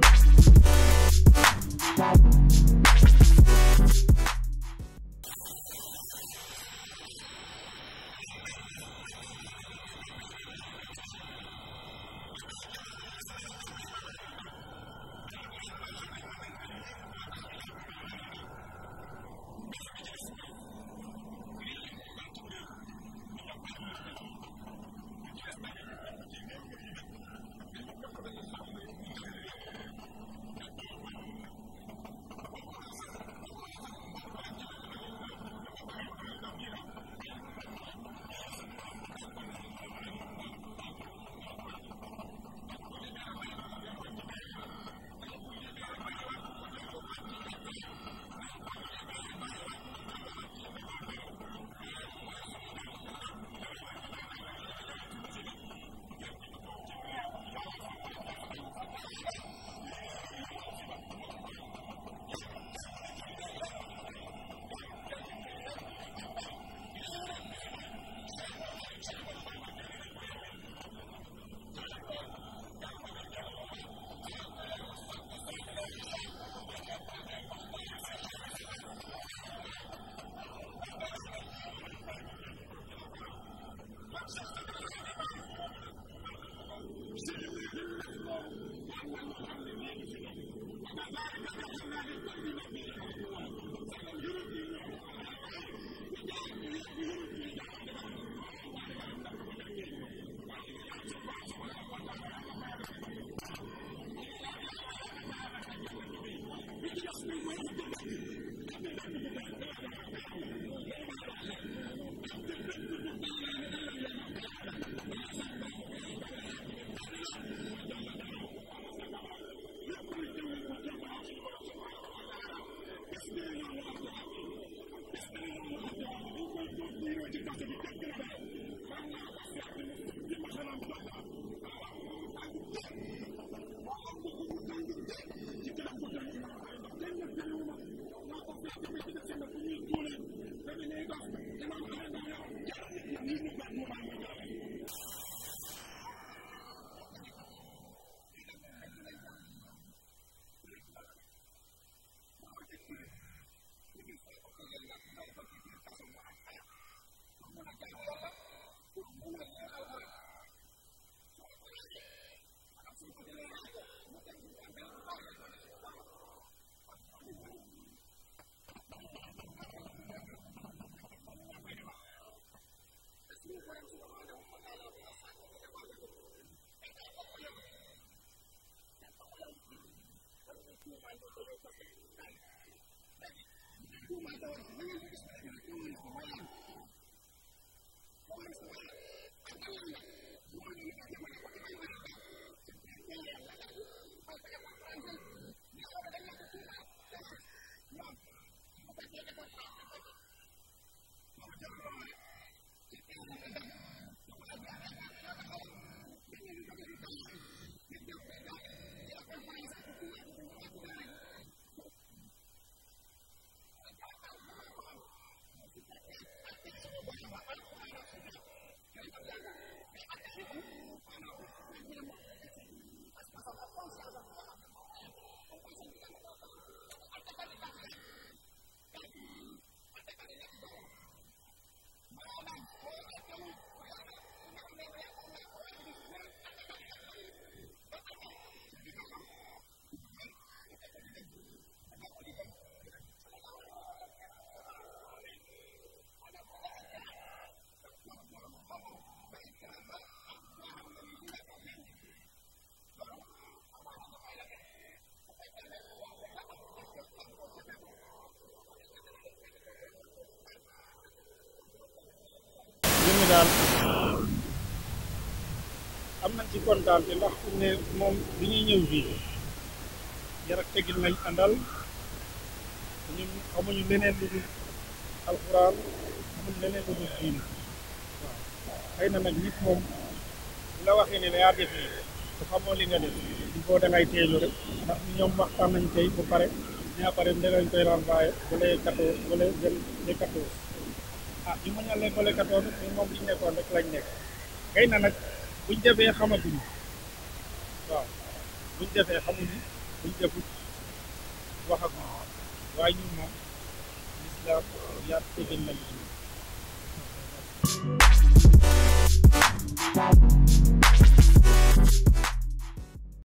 Bye. 你妈叫我干 am nañ ci kontaan te ndax ne moom bi ñuy ñëw fii yar ak nañ àndal ñun amuñu leneen lu dul alxuraan amuñu leneen lu dul diin waaw na nag nit moom la waxee ne la nii te li nga def il faut da ngay teelu rek ndax ñoom waxtaan nañ tey bu pare ñaa pare danañ koy renvoyé ba le 14 ba le le ah ñu muñal leen ba le 14 moom li nekkoon rek lañ nekk xëy na nag buñ defee xamaguñu waaw buñ defee xamuñu buñ defut waxaguñu waaye ñun moom lislaam yar tëgal nañu